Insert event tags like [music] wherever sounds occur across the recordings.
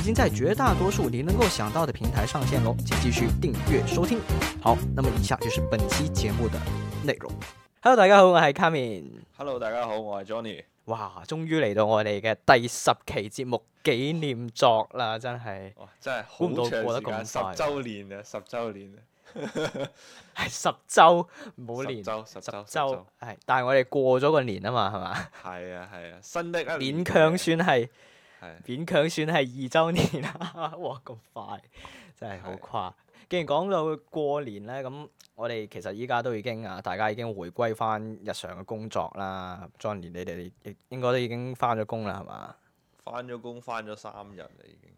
已經在絕大多數你能夠想到的平台上線咯，請繼續訂閱收聽。好，那麼以下就是本期節目的內容。Hello，大家好，我係 Carmen。Hello，大家好，我係 Johnny。哇，終於嚟到我哋嘅第十期節目紀念作啦，真係，真係好唔到過得咁快，十周年啊，十周年啊，係 [laughs] 十周冇年，十周係，周周但係我哋過咗個年啊嘛，係嘛嗎？係啊係啊，的新的勉強算係。勉強算係二週年啦， [laughs] 哇，咁快，真係好誇！的既然講到過年咧，咁我哋其實依家都已經啊，大家已經回歸翻日常嘅工作啦。John 你哋亦應該都已經翻咗工啦，係嘛？翻咗工，翻咗三日啦，已經。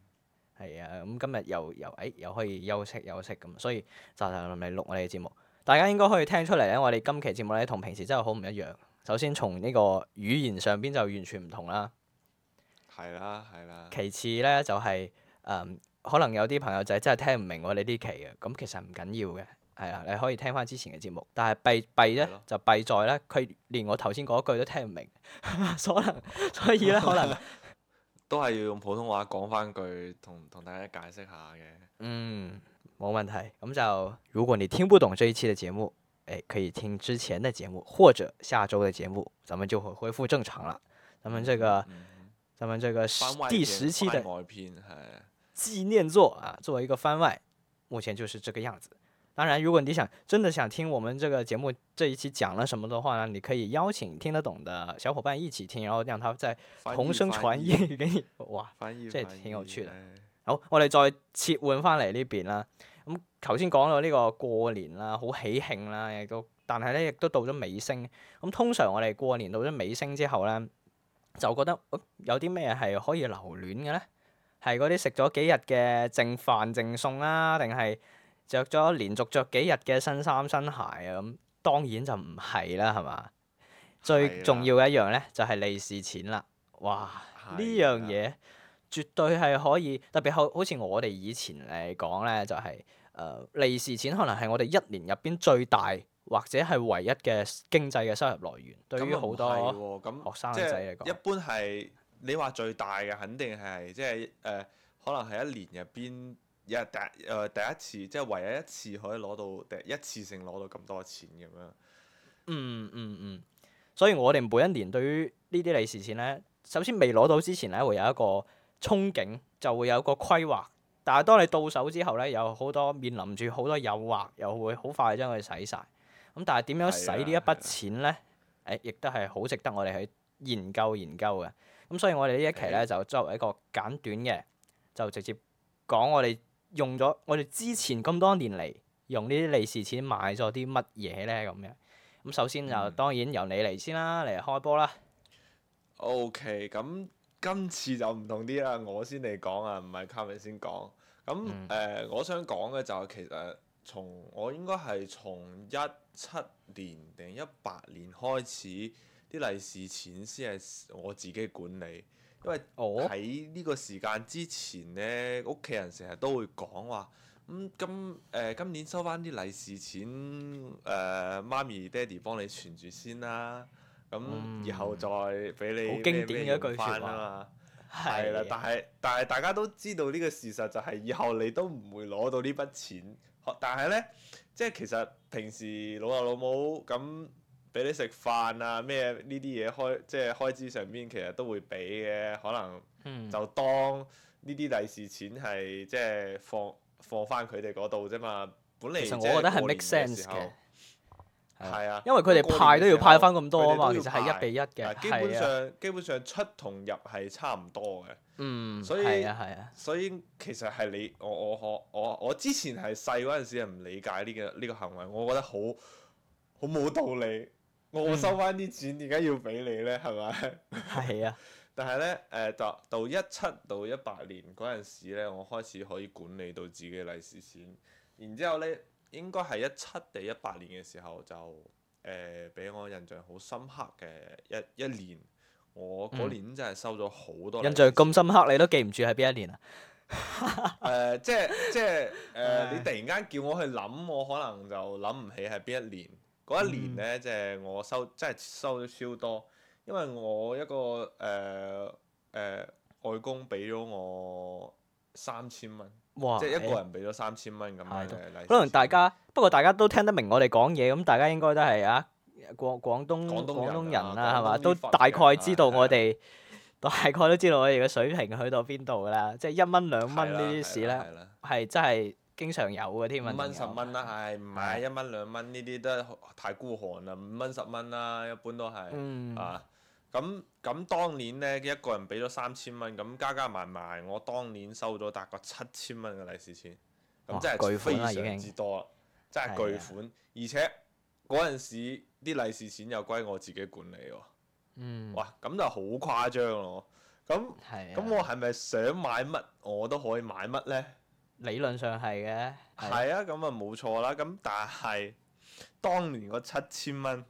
係啊，咁、嗯、今日又又誒、哎，又可以休息休息咁，所以就嚟錄我哋嘅節目。大家應該可以聽出嚟咧，我哋今期節目咧同平時真係好唔一樣。首先從呢個語言上邊就完全唔同啦。係啦，係啦。其次咧就係、是，誒、嗯，可能有啲朋友仔真係聽唔明我哋呢期嘅，咁其實唔緊要嘅，係啊，你可以聽翻之前嘅節目。但係弊弊咧就弊在咧，佢連我頭先嗰句都聽唔明， [laughs] 所 [laughs] 可能所以咧可能都係要用普通話講翻句，同同大家解釋下嘅。嗯，冇問題。咁就如果你聽不懂呢一期嘅節目，誒，可以聽之前嘅節目或者下周嘅節目，咱們就會恢復正常啦。咱們這個。嗯嗯咁啊，這個第十期的紀念作啊，作為一個番外，目前就是這個樣子。當然，如果你想真的想聽我們這個節目這一期講了什麼的話呢，你可以邀請聽得懂的小伙伴一起聽，然後讓他再同聲傳譯給你。 [laughs] 哇，翻譯意挺有趣的！意好，我哋再切換翻嚟呢邊啦。咁頭先講到呢個過年啦，好喜慶啦，亦都，但係咧亦都到咗尾聲。咁通常我哋過年到咗尾聲之後咧。就覺得有啲咩係可以留戀嘅咧？係嗰啲食咗幾日嘅剩飯剩餸啊，定係着咗連續着幾日嘅新衫新鞋啊？咁當然就唔係啦，係嘛？啊、最重要嘅一樣咧就係、是、利是錢啦！哇，呢、啊、樣嘢絕對係可以，特別好，好似我哋以前嚟講咧，就係誒利是錢可能係我哋一年入邊最大，或者係唯一嘅經濟嘅收入來源，對於好多學生仔嚟講，一般係你話最大嘅，肯定係即係誒，可能係一年入邊一第一次，即係唯一一次可以攞到定一次性攞到咁多錢咁樣。嗯嗯嗯，所以我哋每一年對於呢啲利是錢咧，首先未攞到之前咧，會有一個憧憬，就會有一個規劃。但係當你到手之後咧，有好多面臨住好多誘惑，又會好快將佢洗晒。咁但係點樣使呢一筆錢咧？誒，亦都係好值得我哋去研究研究嘅。咁所以我哋呢一期咧的就作為一個簡短嘅，就直接講我哋用咗我哋之前咁多年嚟用呢啲利是錢買咗啲乜嘢咧咁樣。咁首先就當然由你嚟先啦，嚟、嗯、開波啦。OK，咁今次就唔同啲啦，我先嚟講啊，唔係靠你先講。咁誒、嗯呃，我想講嘅就係其實。從我應該係從一七年定一八年開始，啲利是錢先係我自己管理。因為喺呢個時間之前咧，屋企人成日都會講話，咁今誒、呃、今年收翻啲利是錢誒、呃，媽咪爹哋幫你存住先啦，咁、嗯、以後再俾你好、嗯、經典嘅一句説話係啦的。但係但係大家都知道呢個事實就係，以後你都唔會攞到呢筆錢。但係咧，即係其實平時老豆老母咁俾你食飯啊咩呢啲嘢，開即係開支上邊，其實都會俾嘅，可能就當呢啲利是錢係即係放放翻佢哋嗰度啫嘛。本嚟其實我覺得係 make sense 嘅。係啊，因為佢哋派都要派翻咁多啊嘛，其實係一比一嘅，啊。基本上係、啊、基本上出同入係差唔多嘅。嗯，係以啊，係啊，所以其實係你我我我我之前係細嗰陣時係唔理解呢，呢個呢，呢個行為，我覺得好好冇道理。我收翻啲錢，點解要俾你呢，係咪？係啊，但係呢，誒，呃，到到一七到一八年嗰陣時呢，我開始可以管理到自己嘅利是錢，然之後呢。應該係一七定一八年嘅時候，就誒俾、呃、我印象好深刻嘅一一年，我嗰年真係收咗好多、嗯。印象咁深刻，你都記唔住係邊一年啊？誒、 [laughs] 呃，即係即係誒，呃、 [laughs] 你突然間叫我去諗，我可能就諗唔起係邊一年。嗰一年咧，即係、嗯、我收，即係收咗超多，因為我一個誒誒、呃呃、外公俾咗我三千蚊。哇！即係一個人俾咗三千蚊咁樣，可能大家不過大家都聽得明我哋講嘢，咁大家應該都係啊廣廣東廣東人啦，係嘛？都大概知道我哋大概都知道我哋嘅水平去到邊度㗎啦。即係一蚊兩蚊呢啲事咧，係真係經常有嘅添。五蚊十蚊啦，係唔係？一蚊兩蚊呢啲都太孤寒啦。五蚊十蚊啦，一般都係，係咁咁當年呢，一個人俾咗三千蚊，咁加加埋埋，我當年收咗大概七千蚊嘅利是錢，咁即係巨款啦，已經，真係巨款，的而且嗰陣時啲利是錢又歸我自己管理喎，嗯，哇，咁就好誇張咯，咁咁的我係咪想買乜我都可以買乜呢？理論上係嘅，係啊，咁啊冇錯啦，咁但係當年嗰七千蚊，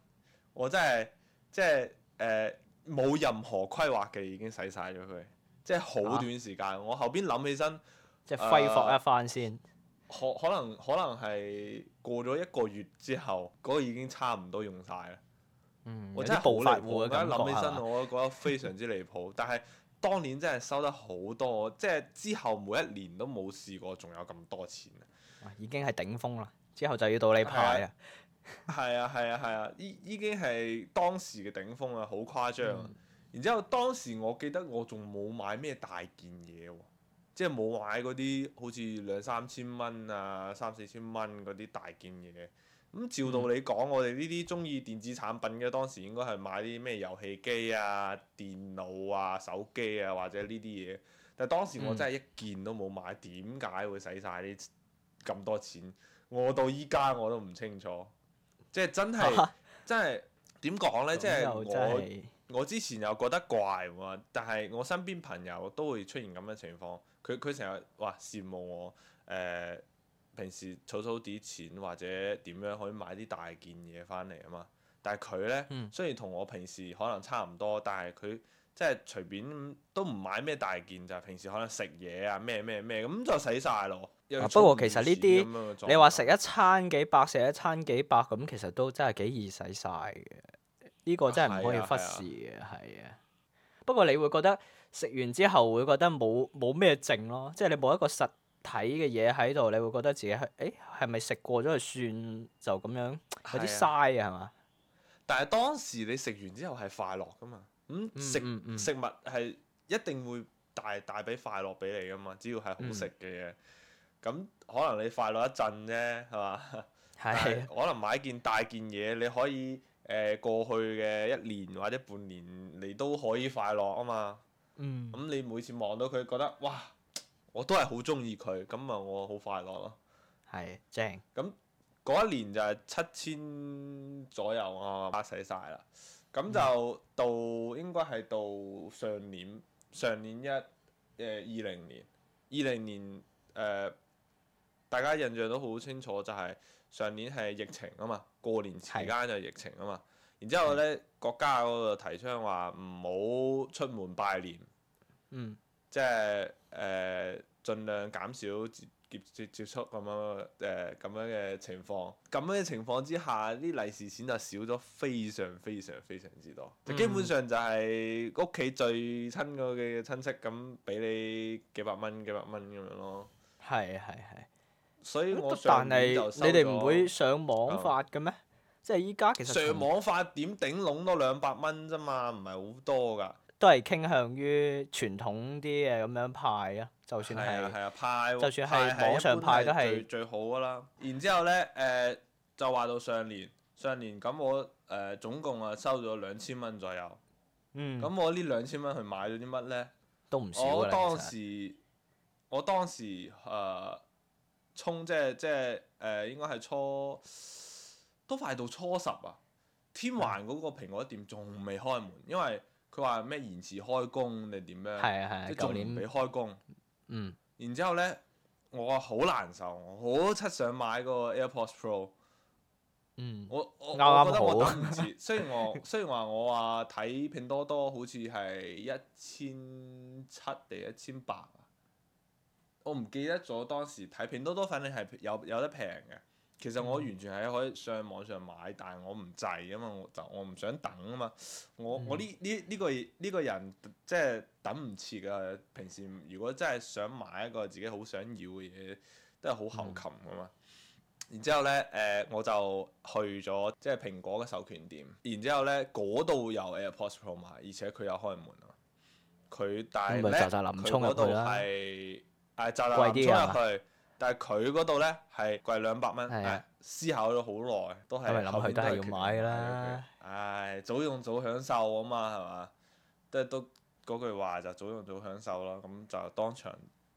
我真係即係誒。呃冇任何規劃嘅已經使晒咗佢，即係好短時間。啊、我後邊諗起身，即係揮霍一番先、呃。可能可能可能係過咗一個月之後，嗰、那個已經差唔多用晒啦。嗯、我真係暴裂喎！我而家諗起身，嗯、我都覺得非常之離譜。嗯、但係當年真係收得好多，即係之後每一年都冇試過仲有咁多錢啊、嗯！已經係頂峰啦，之後就要到你派啊！嗯嗯係 [laughs] 啊，係啊，係啊！依依已經係當時嘅頂峰啊，好誇張啊。嗯、然之後當時我記得我仲冇買咩大件嘢喎，即係冇買嗰啲好似兩三千蚊啊、三四千蚊嗰啲大件嘢。咁、嗯、照道理講，我哋呢啲中意電子產品嘅，當時應該係買啲咩遊戲機啊、電腦啊、手機啊或者呢啲嘢。但當時我真係一件都冇買，點解、嗯、會使晒啲咁多錢？我到依家我都唔清楚。即係真係，即係點講呢？嗯、即係我、嗯、我之前又覺得怪喎，但係我身邊朋友都會出現咁嘅情況。佢佢成日話羨慕我，誒、呃、平時儲儲啲錢或者點樣可以買啲大件嘢翻嚟啊嘛。但係佢呢，嗯、雖然同我平時可能差唔多，但係佢。即係隨便都唔買咩大件，就平時可能食嘢啊咩咩咩咁就使晒咯。不過其實呢啲，你話食一餐幾百，食一餐幾百咁，其實都真係幾易使晒嘅。呢、呢個真係唔可以忽視嘅，係啊。啊啊啊啊，不過你會覺得食完之後會覺得冇冇咩剩咯，即係你冇一個實體嘅嘢喺度，你會覺得自己係誒，係咪食過咗就算，就咁樣有啲嘥係嘛？啊啊、但係當時你食完之後係快樂㗎嘛？咁、嗯、食、嗯嗯、食物係一定會帶帶俾快樂俾你噶嘛，只要係好食嘅嘢。咁、嗯、可能你快樂一陣啫，係嘛是？ [laughs] 可能買件大件嘢，你可以誒、呃、過去嘅一年或者半年，你都可以快樂啊嘛。嗯。咁你每次望到佢，覺得哇，我都係好中意佢，咁啊，我好快樂咯。係。正。咁嗰一年就係七千左右我啊，使晒啦。咁就到應該係到上年上年一誒二零年二零年誒，大家印象都好清楚，就係，就係上年係疫情啊嘛，過年時間就疫情啊嘛。的然之後咧，國家嗰度提倡話唔好出門拜年，即係誒盡量減少。接接接觸咁樣誒咁、呃、樣嘅情況，咁樣嘅情況之下，啲利是錢就少咗非常非常非常之多，嗯、就基本上就係屋企最親嗰個嘅親戚咁俾你幾百蚊幾百蚊咁樣咯。係係係。所以我上年就收咗。但係你哋唔會上網發嘅咩？嗯、即係依家其實上網發點頂籠都兩百蚊啫嘛，唔係好多㗎。都係傾向於傳統啲嘅咁樣派啊，就算係，係啊，啊派，就算係是網上派都係、啊、最，最好噶啦。然之後呢，誒、呃、就話到上年，上年咁我誒、呃、總共啊收咗兩千蚊左右。嗯，咁我呢兩千蚊去買咗啲乜呢？都唔少。我當時我當時誒充、呃、即係即係誒應該係初都快到初十啊！天環嗰個蘋果店仲未開門，因為。佢話咩延遲開工定點樣？的即係舊年未俾開工。嗯、然之後呢，我好難受，我好七想買個 AirPods Pro。嗯，我我，剛剛好我覺得我等唔切。雖然我 [laughs] 雖然話我話睇拼多多好似係一千七定一千八，我唔記得咗當時睇拼多多，反正係有有得平嘅。其實我完全係可以上網上買，但係我唔制啊嘛，我就我唔想等啊嘛。我我呢呢呢個呢、這個人即係等唔切噶。平時如果真係想買一個自己好想要嘅嘢，都係好後擒啊嘛。嗯、然之後呢，誒、呃、我就去咗即係蘋果嘅授權店。然之後呢，嗰度有 AirPods Pro 賣，而且佢有開門啊。佢但係咧，佢嗰度係誒驟冷衝入去。但係佢嗰度咧係貴兩百蚊，思考咗好耐，都係諗住都係要買㗎啦。唉、哎，早用早享受啊嘛，係嘛？即都嗰句話就早用早享受咯，咁就當場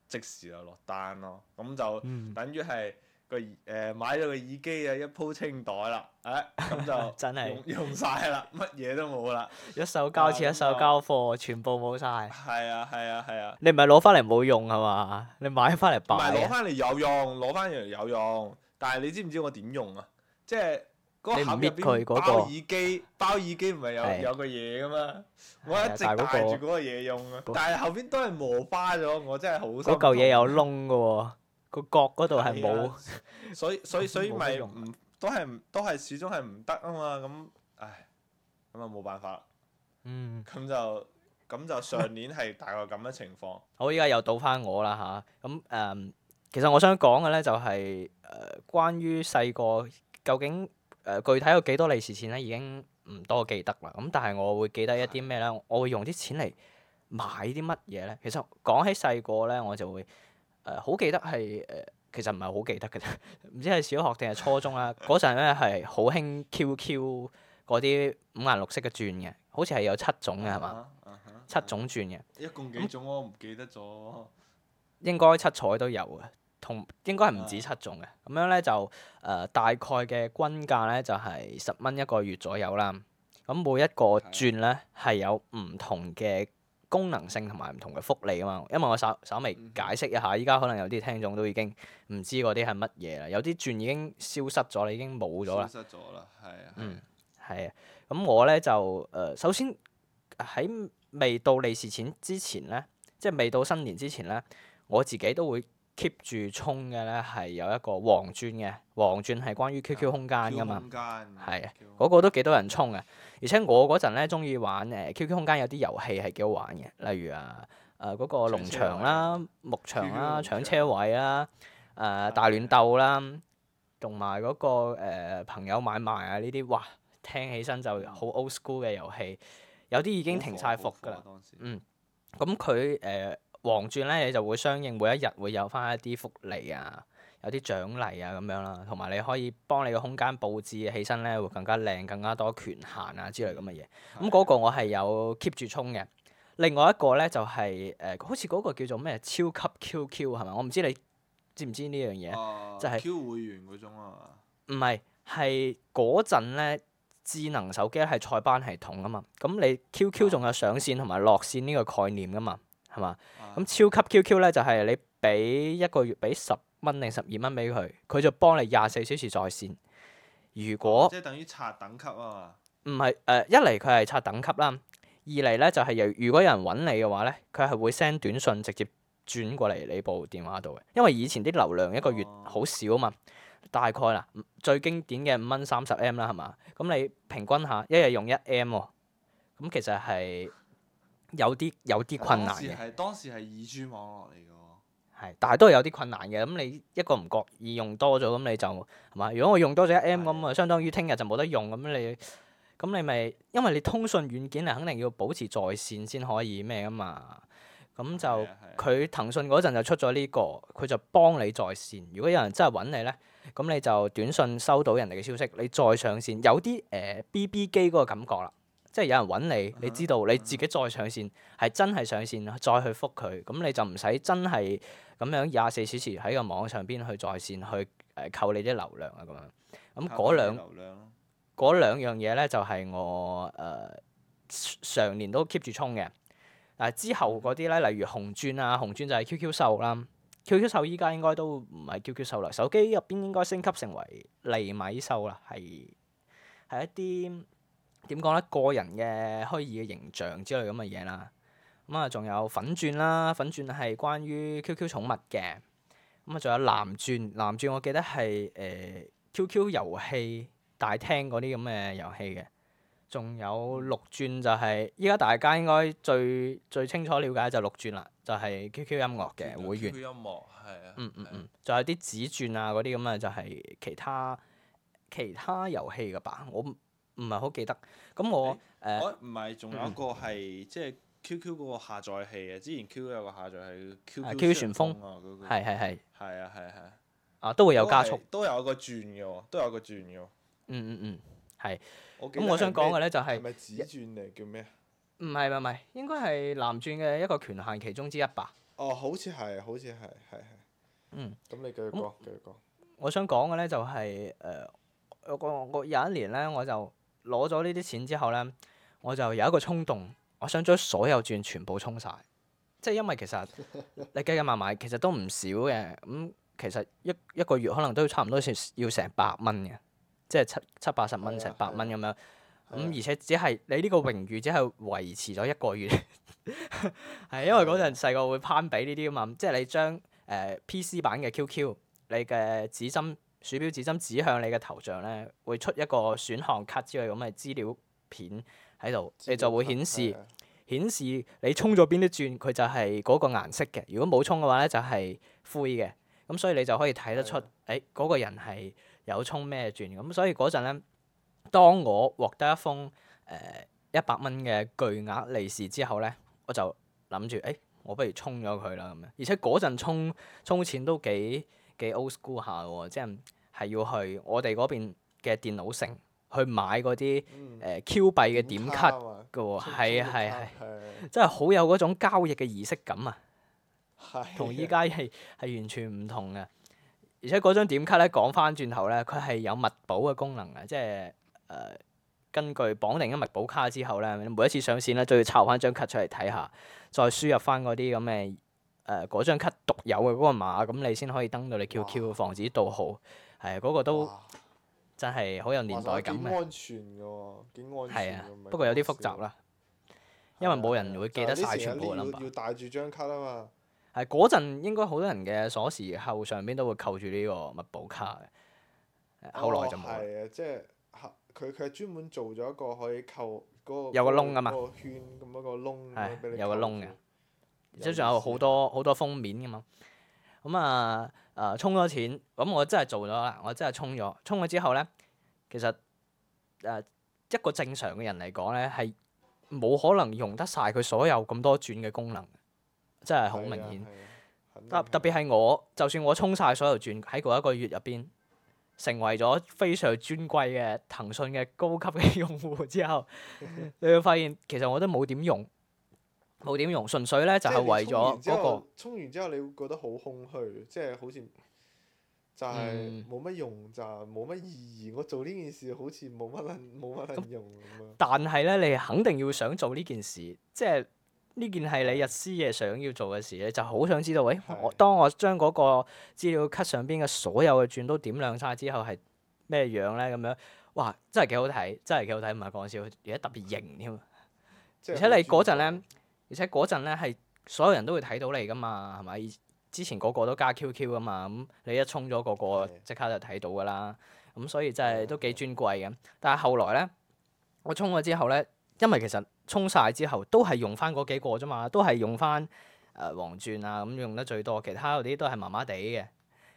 即時就落單咯，咁就等於係。嗯個耳誒買咗個耳機啊，一鋪清袋啦，誒咁就用 [laughs] 真係用用晒啦，乜嘢都冇啦，一手交錢、那個、一手交貨，全部冇晒。係啊係啊係啊！啊啊你唔係攞翻嚟冇用係嘛？你買翻嚟擺。唔係攞翻嚟有用，攞翻嚟有用，但係你知唔知我點用啊？即係嗰盒入邊嗰個耳機，包耳機唔係有的有個嘢噶嘛？我一直戴住嗰個嘢用，但係、那個、後邊都係磨花咗，我真係好。嗰嚿嘢有窿噶喎。個角嗰度係冇，所以所以、嗯、所以咪、就、唔、是、都係唔都係始終係唔得啊嘛咁，唉，咁啊冇辦法，嗯，咁就咁就上年係大概咁嘅情況。 [laughs] 好，依家又到翻我啦吓，咁、啊、誒、嗯，其實我想講嘅咧就係、是、誒、呃，關於細個究竟誒、呃、具體有幾多利是錢咧，已經唔多記得啦。咁但係我會記得一啲咩咧？的我會用啲錢嚟買啲乜嘢咧？其實講起細個咧，我就會。誒好記得係誒，其實唔係好記得嘅，唔知係小學定係初中啦。嗰陣咧係好興 QQ 嗰啲五顏六色嘅鑽嘅，好似係有七種嘅係嘛？七種鑽嘅。一共幾種我唔記得咗。應該七彩都有嘅，同應該係唔止七種嘅。咁樣咧就誒大概嘅均價咧就係十蚊一個月左右啦。咁每一個鑽咧係有唔同嘅。功能性同埋唔同嘅福利啊嘛，因為我稍稍微解釋一下，依家可能有啲聽眾都已經唔知嗰啲係乜嘢啦，有啲轉已經消失咗啦，已經冇咗啦。消失咗啦，係啊，嗯，係啊，咁我咧就誒、呃，首先喺未到利是錢之前咧，即係未到新年之前咧，我自己都會。keep 住充嘅咧係有一個黃鑽嘅，黃鑽係關於 QQ 空間噶嘛，係啊、嗯，嗰個都幾多人充嘅，而且我嗰陣咧中意玩誒 QQ 空間有啲遊戲係幾好玩嘅，例如啊誒嗰個農場啦、牧場啦、搶車位啦、誒、嗯呃、大亂鬥啦，同埋嗰個、呃、朋友買賣啊呢啲，哇聽起身就好 old school 嘅遊戲，有啲已經停晒服噶啦，嗯，咁佢誒。黃鑽咧，你就會相應每一日會有翻一啲福利啊，有啲獎勵啊咁樣啦，同埋你可以幫你個空間佈置起身咧，會更加靚、更加多權限啊之類咁嘅嘢。咁嗰的個我係有 keep 住充嘅。另外一個咧就係、是、誒、呃，好似嗰個叫做咩超級 Q Q 係咪？我唔知你知唔知呢樣嘢，啊、就係、是、Q 會員嗰種啊唔係，係嗰陣咧智能手機係塞班系統啊嘛，咁你 Q Q 仲、啊、有上線同埋落線呢個概念啊嘛。係嘛？咁、嗯、超級 QQ 咧就係、是、你俾一個月俾十蚊定十二蚊俾佢，佢就幫你廿四小時在線。如果、哦、即係等於刷等級啊嘛？唔係誒，一嚟佢係刷等級啦，二嚟咧就係、是、又如果有人揾你嘅話咧，佢係會 send 短信直接轉過嚟你部電話度嘅。因為以前啲流量一個月好少啊嘛，哦、大概啦，最經典嘅五蚊三十 M 啦，係嘛？咁你平均一下一日用一 M 喎、哦，咁其實係。有啲有啲困難嘅，當時係當時係二 G 網絡嚟嘅喎，係，但係都係有啲困難嘅。咁你一個唔覺意用多咗，咁你就係嘛？如果我用多咗一 M，咁啊的相當於聽日就冇得用咁。你咁你咪因為你通訊軟件係肯定要保持在線先可以咩噶嘛？咁就佢騰訊嗰陣就出咗呢、這個，佢就幫你在線。如果有人真係揾你咧，咁你就短信收到人哋嘅消息，你再上線，有啲誒、呃、BB 機嗰個感覺啦。即係有人揾你，你知道你自己再上線係、嗯、真係上線再去覆佢，咁你就唔使真係咁樣廿四小時喺個網上邊去在線去誒扣你啲流量啊咁樣。咁嗰兩嗰樣嘢咧，就係、是、我誒、呃、上年都 keep 住充嘅。但係之後嗰啲咧，例如紅鑽啊，紅鑽就係 QQ 秀啦，QQ 秀依家應該都唔係 QQ 秀啦，手機入邊應該升級成為厘米秀啦，係係一啲。點講咧？個人嘅虛擬嘅形象之類咁嘅嘢啦，咁啊仲有粉鑽啦，粉鑽係關於 QQ 寵物嘅，咁啊仲有藍鑽，藍鑽我記得係誒 QQ 遊戲大廳嗰啲咁嘅遊戲嘅，仲有綠鑽就係依家大家應該最最清楚了解就綠鑽啦，就係、是、QQ 音樂嘅 QQ 會員。QQ 音樂係、嗯嗯嗯嗯、啊。嗯嗯嗯，仲有啲紫鑽啊，嗰啲咁啊就係其他其他遊戲噶吧，我。唔係好記得，咁我誒唔係，仲有一個係即係 QQ 嗰個下載器啊！之前 QQ 有個下載係 QQ 旋風啊，嗰個係係係啊係係啊，都會有加速，都有個轉嘅喎，都有個轉嘅喎，嗯嗯嗯，係。咁我想講嘅咧就係係咪紫轉嚟叫咩？唔係唔係，應該係藍鑽嘅一個權限其中之一吧。哦，好似係，好似係，係係。嗯。咁你繼續講，繼續講。我想講嘅咧就係誒，有個我有一年咧我就。攞咗呢啲錢之後咧，我就有一個衝動，我想將所有鑽全部充晒。即係因為其實你計計埋埋其實都唔少嘅。咁、嗯、其實一一個月可能都差唔多要成百蚊嘅，即係七七八十蚊、成百蚊咁樣。咁而且只係你呢個榮譽只係維持咗一個月，係 [laughs] 因為嗰陣細個會攀比呢啲啊嘛。即係你將誒、呃、PC 版嘅 QQ，你嘅指針。鼠標指針指向你嘅頭像咧，會出一個選項卡之類咁嘅資料片喺度，指你就會顯示顯是的 示你充咗邊啲鑽，佢就係嗰個顏色嘅。如果冇充嘅話咧，就係灰嘅。咁所以你就可以睇得出，誒嗰是的、哎那個人係有充咩鑽。咁所以嗰陣咧，當我獲得一封誒一百蚊嘅巨額利是之後咧，我就諗住，誒、哎、我不如充咗佢啦。咁樣，而且嗰陣充充錢都幾～幾 old school 下喎，即係，係要去我哋嗰邊嘅電腦城去買嗰啲誒 Q 幣嘅點卡、嗯、點卡啊，係啊，係啊，真係好有嗰種交易嘅儀式感啊！同依家係係完全唔同嘅。而且嗰張點卡咧，講翻轉頭咧，佢係有密保嘅功能啊，即係誒、呃、根據綁定緊密保卡之後咧，每一次上線咧都要摺翻張卡出嚟睇下，再輸入翻嗰啲咁嘅。誒、嗰，呃、張卡獨有嘅嗰個碼，咁你先可以登到你 QQ，啊、防止盜號。係、嗯、啊，嗰、嗰個都真係好有年代感嘅。安全㗎喎，幾安全。係啊，不過有啲複雜啦。的因為冇人會記得晒全，全部嘅要，要帶住張卡啊嘛。係嗰陣應該好多人嘅鎖匙扣上邊都會扣住呢個密保卡嘅。後來就冇。係啊，哦、即係佢佢係專門做咗一個可以扣嗰，嗰個。嗰個，有個窿啊嘛。個圈咁一個窿，有個窿嘅。即係仲有好多好多封面㗎嘛，咁、嗯、啊，誒，充咗錢，咁我真係做咗啦，我真係充咗，充咗之後咧，其實誒、啊、一個正常嘅人嚟講咧，係冇可能用得晒佢所有咁多轉嘅功能，真係好明顯，特、啊啊、特別係我，就算我充晒所有轉，喺嗰一個月入邊成為咗非常尊貴嘅騰訊嘅高級嘅用戶之後， [laughs] 你會發現其實我都冇點用。冇點用，純粹咧就係為咗嗰個。充完之後，你會覺得好空虛，即係好似就係冇乜用，就冇乜意義。我做呢件事好似冇乜撚冇乜撚用咁樣。但係咧，你肯定要想做呢件事，即係呢件係你日思夜想要做嘅事，你就好想知道，喂、哎，我當我將嗰個資料 cut 上邊嘅所有嘅轉都點亮晒之後係咩樣咧？咁樣，哇，真係幾好睇，真係幾好睇，唔係講笑，而且特別型添。而且你嗰陣咧。而且嗰陣咧係所有人都會睇到你噶嘛，係咪？之前嗰個都加 QQ 噶嘛，咁你一充咗個個即刻就睇到噶啦。咁的所以真係都幾尊貴嘅。但係後來咧，我充咗之後咧，因為其實充晒之後都係用翻嗰幾個啫嘛，都係用翻誒黃鑽啊，咁用得最多，其他嗰啲都係麻麻地嘅。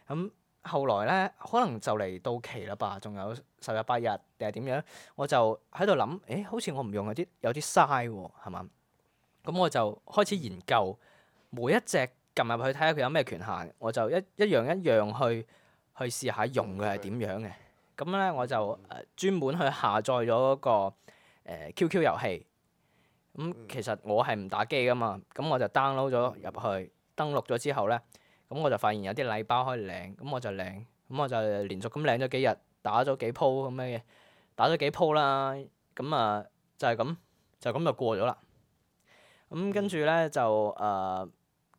咁後來咧，可能就嚟到期啦吧，仲有十日八日定係點樣？我就喺度諗，誒、欸、好似我唔用有啲有啲嘥喎，係嘛？咁我就開始研究每一隻撳入去睇下佢有咩權限，我就一一樣一樣去去試下用佢係點樣嘅。咁咧我就誒專門去下載咗嗰個誒 QQ 遊戲。咁其實我係唔打機噶嘛，咁我就 download 咗入去，登錄咗之後咧，咁我就發現有啲禮包可以領，咁我就領，咁我就連續咁領咗幾日，打咗幾鋪咁樣嘅，打咗幾鋪啦，咁啊就係咁，就咁就過咗啦。咁、嗯、跟住咧就誒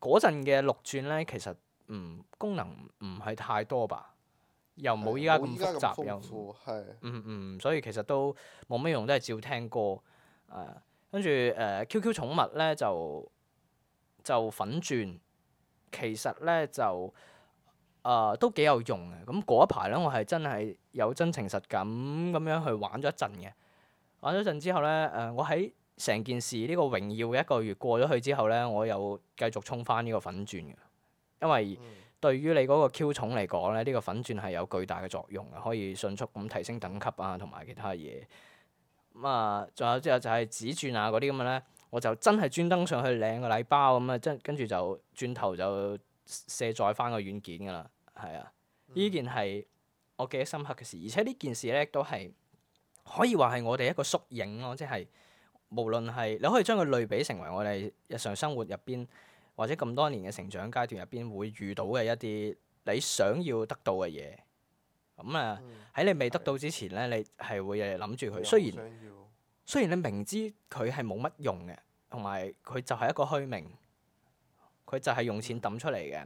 嗰陣嘅綠鑽咧，其實唔、嗯、功能唔係太多吧，又冇依家咁複雜又，嗯嗯，所以其實都冇咩用，都係照聽歌。誒、呃、跟住誒、呃、QQ 寵物咧就就粉鑽，其實咧就誒、呃、都幾有用嘅。咁嗰一排咧，我係真係有真情實感咁樣去玩咗一陣嘅，玩咗一陣之後咧，誒、呃、我喺成件事呢、呢個榮耀一個月過咗去之後咧，我又繼續沖翻呢個粉鑽嘅，因為對於你嗰個 Q 寵嚟講咧，呢、呢個粉鑽係有巨大嘅作用啊，可以迅速咁提升等級啊，同埋其他嘢咁啊。仲有之後就係紫鑽啊嗰啲咁嘅咧，我就真係專登上去領個禮包咁啊，跟住就轉頭就卸載翻個軟件㗎啦。係啊，呢件係我記得深刻嘅事，而且呢件事咧都係可以話係我哋一個縮影咯，即係。無論係你可以將佢類比成為我哋日常生活入邊，或者咁多年嘅成長階段入邊會遇到嘅一啲你想要得到嘅嘢，咁啊喺你未得到之前咧，嗯、你係會誒諗住佢。雖然雖然你明知佢係冇乜用嘅，同埋佢就係一個虛名，佢就係用錢揼出嚟嘅。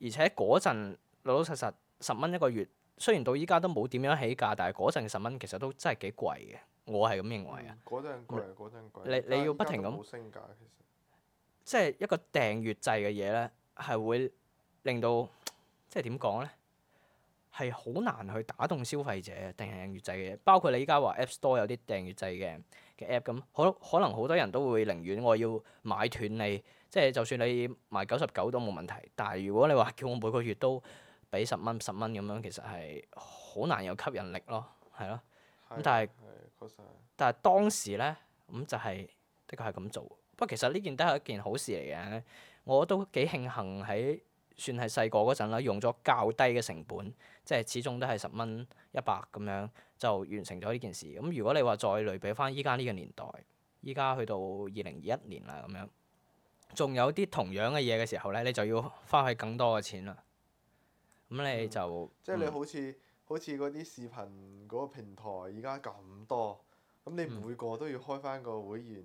而且嗰陣老老實實十蚊一個月，雖然到依家都冇點樣起價，但係嗰陣十蚊其實都真係幾貴嘅。我係咁認為啊！嗰陣貴，嗰陣貴。你你要不停咁升價，其實即係一個訂閱制嘅嘢咧，係會令到即係點講咧，係好難去打動消費者訂閱制嘅嘢。包括你依家話 App Store 有啲訂閱制嘅嘅 App 咁，可可能好多人都會寧願我要買斷你，即係就算你賣九十九都冇問題。但係如果你話叫我每個月都俾十蚊十蚊咁樣，其實係好難有吸引力咯，係咯。咁但係，但係當時咧，咁、嗯、就係、是、的確係咁做。不過其實呢件都係一件好事嚟嘅，我都幾慶幸喺算係細個嗰陣啦，用咗較低嘅成本，即係始終都係十蚊一百咁樣就完成咗呢件事。咁如果你話再類比翻依家呢個年代，依家去到二零二一年啦咁樣，仲有啲同樣嘅嘢嘅時候咧，你就要花去更多嘅錢啦。咁你就、嗯嗯、即係你好似。好似嗰啲視頻嗰個平台，而家咁多，咁你每個都要開翻個會員。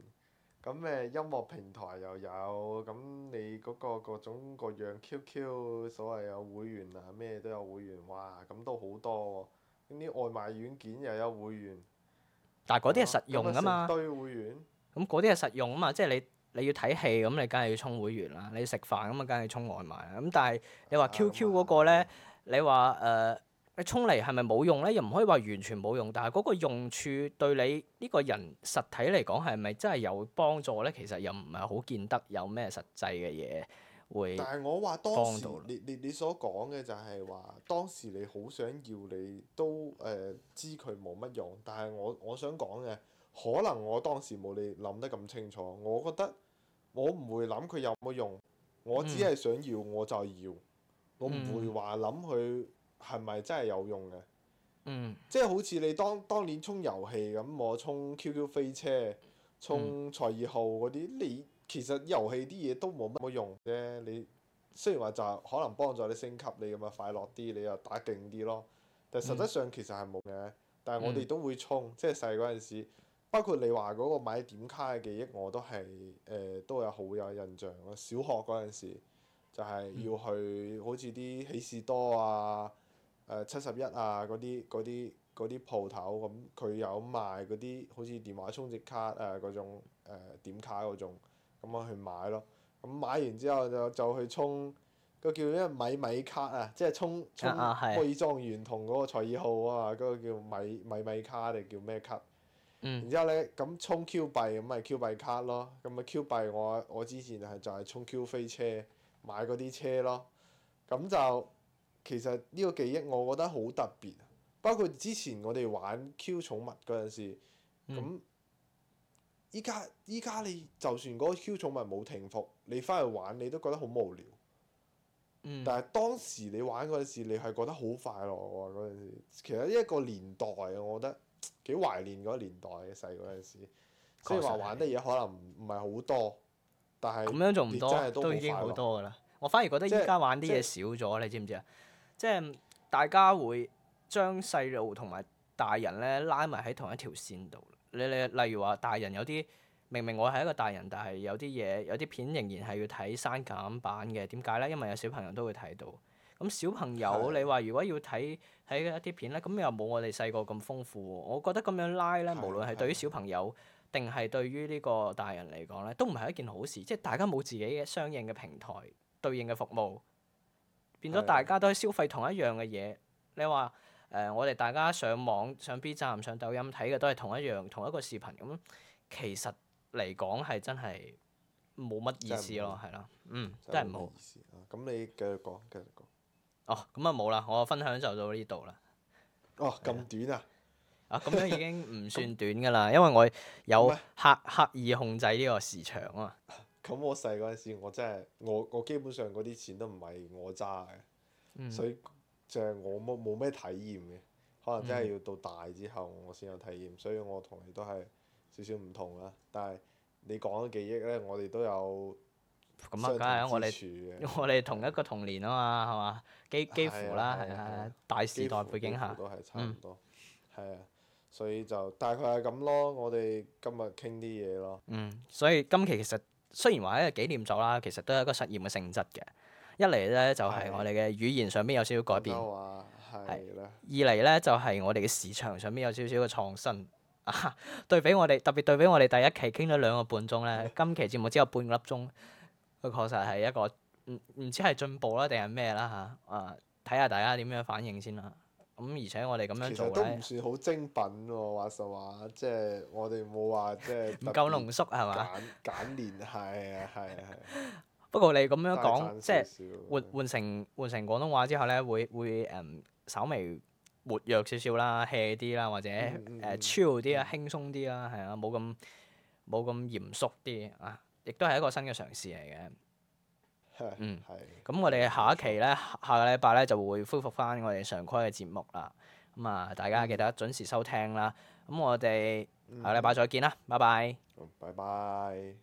咁誒、嗯、音樂平台又有，咁你嗰、個各種各樣 QQ 所謂有會員啊，咩都有會員，哇！咁都好多喎。啲外賣軟件又有會員，但係嗰啲係實用噶嘛。一堆會員。咁嗰啲係實用啊嘛，即係你你要睇戲咁，你梗係要充會員啦。你要食飯咁啊，梗係要充外賣啦。咁但係你話 QQ 嗰個咧，你話誒？你充嚟係咪冇用咧？又唔可以話完全冇用，但係嗰個用處對你呢個人實體嚟講係咪真係有幫助咧？其實又唔係好見得有咩實際嘅嘢會。但係我話當時你你你所講嘅就係話當時你好想要你，你都誒、呃、知佢冇乜用。但係我我想講嘅可能我當時冇你諗得咁清楚。我覺得我唔會諗佢有冇用，我只係想要我就要，嗯、我唔會話諗佢。係咪真係有用嘅？嗯、即係好似你當當年充遊戲咁，我充 QQ 飛車、充賽爾號嗰啲，你其實遊戲啲嘢都冇乜用嘅。你雖然話就可能幫助你升級，你咁啊快樂啲，你又打勁啲咯。但實質上其實係冇嘅。嗯、但係我哋都會充，嗯、即係細嗰陣時，包括你話嗰個買點卡嘅記憶，我都係誒、呃、都有好有印象。小學嗰陣時就係、是、要去好似啲喜士多啊～誒、七十一啊嗰啲、嗰啲、嗰啲鋪頭咁，佢有賣嗰啲好似電話充值卡啊嗰種，誒、呃、點卡嗰種，咁我去買咯。咁買完之後就就去充，個叫咩米米卡啊，即係充充可以莊園同嗰個賽爾號啊嘛，嗰、uh, uh, yeah. 個叫米米米卡定叫咩卡？Mm. 然之後咧咁充 Q 幣咁咪、嗯、Q 幣卡咯，咁啊 Q 幣我我之前係就係充 Q 飛車買嗰啲車咯，咁就。其實呢個記憶我覺得好特別，包括之前我哋玩 Q 寵物嗰陣時，咁依家依家你就算嗰個 Q 寵物冇停服，你翻去玩你都覺得好無聊。嗯、但係當時你玩嗰陣時，你係覺得好快樂喎、啊、嗰時。其實一個年代啊，我覺得幾懷念嗰年代嘅細嗰陣時。確實。所以話玩啲嘢可能唔唔係好多，但係咁樣仲唔多都，都已經好多㗎啦。我反而覺得依家玩啲嘢少咗，你知唔知啊？即係大家會將細路同埋大人咧拉埋喺同一條線度。你你例如話大人有啲明明我係一個大人，但係有啲嘢有啲片仍然係要睇刪減版嘅。點解咧？因為有小朋友都會睇到。咁小朋友是的 你話如果要睇睇一啲片咧，咁又冇我哋細個咁豐富喎。我覺得咁樣拉咧，無論係對於小朋友定係對於呢個大人嚟講咧，都唔係一件好事。即係大家冇自己嘅相應嘅平台對應嘅服務。變咗大家都係消費同一樣嘅嘢，你話誒我哋大家上網上 B 站上抖音睇嘅都係同一樣同一個視頻，咁其實嚟講係真係冇乜意思咯，係啦，了嗯，真係唔好意思。咁你繼續講，繼續講。哦，咁啊冇啦，我分享就到呢度啦。哦，咁、啊、短啊？ [laughs] 啊，咁樣已經唔算短㗎啦，麼因為我有刻刻意控制呢個時長啊。咁我細嗰陣時，我真係我我基本上嗰啲錢都唔係我揸嘅，嗯、所以就係我冇冇咩體驗嘅，可能真係要到大之後我先有體驗，所以我同你都係少少唔同啦。但係你講嘅記憶咧，我哋都有。咁啊，梗係我哋我哋同一個童年啊嘛，係嘛？幾幾乎啦，係啊，大時代背景下，對對對都係差唔多。係啊、嗯，所以就大概係咁咯。我哋今日傾啲嘢咯。嗯，所以今期其實，雖然話係一個紀念作啦，其實都係一個實驗嘅性質嘅。一嚟咧就係、是、我哋嘅語言上邊有少少改變，係二嚟咧就係、是、我哋嘅市場上邊有少少嘅創新，啊。對比我哋特別對比我哋第一期傾咗兩個半鐘咧，今期節目只有半粒鐘，佢確實係一個唔唔知係進步啦定係咩啦嚇？啊，睇下大家點樣反應先啦。咁而且我哋咁樣做呢，其實都唔算好精品喎。話實話，即係我哋冇話即係唔夠濃縮係嘛？簡簡練係啊，係啊，係。 [laughs] 不過你咁樣講，點點即係換換成換成廣東話之後咧，會會誒、嗯、稍微活躍少少啦，hea 啲啦，或者誒 chill 啲啊，輕鬆啲啦，係啊，冇咁冇咁嚴肅啲啊，亦都係一個新嘅嘗試嚟嘅。啊。嗯，咁我哋下一期咧，下個禮拜咧就會恢復返我哋常規嘅節目啦。咁啊，大家記得準時收聽啦。咁我哋下個禮拜再見啦，嗯、拜拜。拜拜。